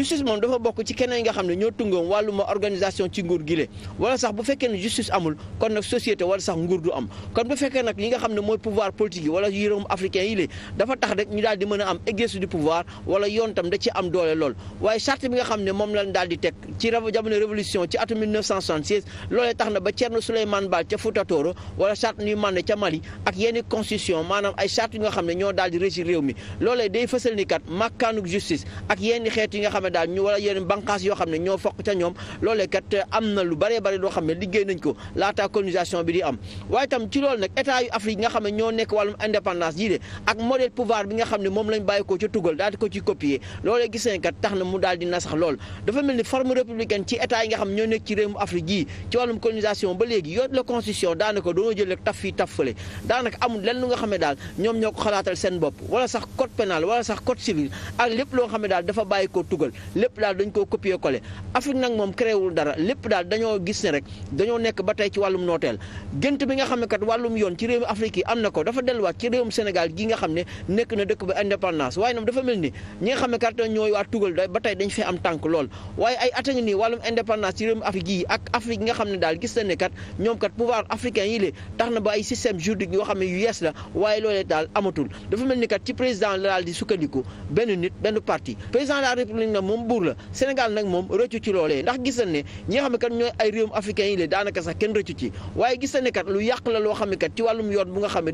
justice moom dafa bokk ci keneen nga xam ne ñoo tungoom wàlluma organisation ci nguur gi le sax bu fekkee ne justice amul kon nag société wala sax nguur du am kon bu fekkee nag li nga xam ne mooy pouvoir politique yi yi réewum africain yi le dafa tax rek di mën am exercice du pouvoir wala yoon da ci am doole lool waaye charte bi nga xam ne moom lañ daal di teg ci jamono révolution ci atum 1976 tax na ba Thierno Souleymane Baal ca Fouta ne daal ñu wala yeneen bànqaas yoo xam ne ñoo fokk ca ñoom loolee kat am na lu bëree bëri loo xam ne liggéey nañ ko laata colonisation bi di am waaye tam ci loolu nag état yu yi ñoo nekk ci copier mu daal yi ci réewum colonisation ba léegi yoot la constitution daanaka doonoo jël rek taf fii taf fële daanaka amul lenn nga xam daal ñoom ñoo ko xalaatal seen bopp wala sax code pénal wala sax code civil ak lépp loo xam daal dafa bàyyi ko tugal lépp daal dañ koo copier coller Afrique nag moom créé wul dara lépp daal dañoo gis ne rek dañoo nekk ba tey ci wàllum nooteel gént bi nga xam ne kat wàllum yoon ci réewum Afrique yi am na ko dafa delluwaat ci réewum Sénégal gi nga xam ne nekk na dëkk ba indépendance waaye nag dafa mel ni ñi nga xam ne kat ñooy waa tugal ba tey dañ fee am tànk lool waaye ay at a ngi nii wàllum indépendance ci réewum Afrique yi ak Afrique nga xam ne daal gis na ne kat ñoom kat pouvoir africain yi lée tax na xam ne yees la waaye loolee daal amatul dafa mel ni kat ci président la daal di sukkandiku benn nit na moom buur la Sénégal nag moom rëccu ci loolee ndax gis ne ñi nga kat ñooy ay réewum africain yi la daanaka sax kenn rëccu ci waaye gis ne kat lu yàq la loo xam kat ci wàllum yoon bu nga xam ne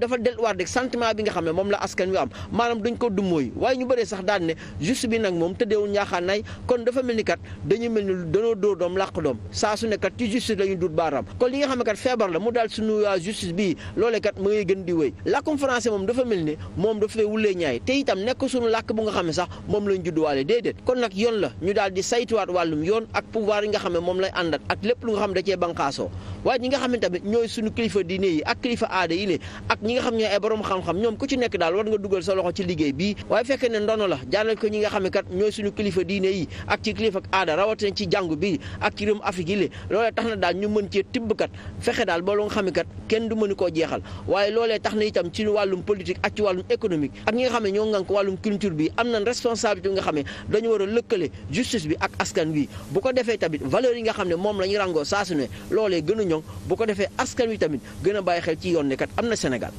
dafa delluwaat rek sentiment bi nga xam moom la askan wi am maanaam duñ ko dummóoy waaye ñu bëree sax daan ne juste bi nag moom tëddeewul njaaxaanaay kon dafa mel ni kat dañu mel ni danoo dóor doom làq doom saa su ne ci justice la dut baaraam kon nga xam ne sax moom lañ judduwaale déedéet kon nag yoon la ñu daal di saytuwaat wàllum yoon ak pouvoir yi nga xam moom lay àndat ak lépp lu nga xam da cee banqaasoo waaye ñi nga xam ne tamit ñooy suñu kilifa diine yi ak kilifa aada yi ne ak ñi nga xam la jaanal ko ñi nga xam ne kat ñooy suñu kilifa diine yi ak ci kilifa aada rawatina ci jàngu bi ak ci réewum Afrique yi le loolee tax na daal ñu mën cee tibb kat fexe daal ba lu nga xam ne kat kenn du mënu koo jeexal waaye loolee tax na itam ci wàllum politique ak am nañ responsabilité bi nga xam ne dañu war a lëkkale justice bi ak askan wi bu ko defee tamit valeur yi nga xam ne moom la ñu ràngoo saa su loolee gën a ñoŋ bu ko defee askan wi tamit gën a bàyyi xel ci yoon ne kat am na Sénégal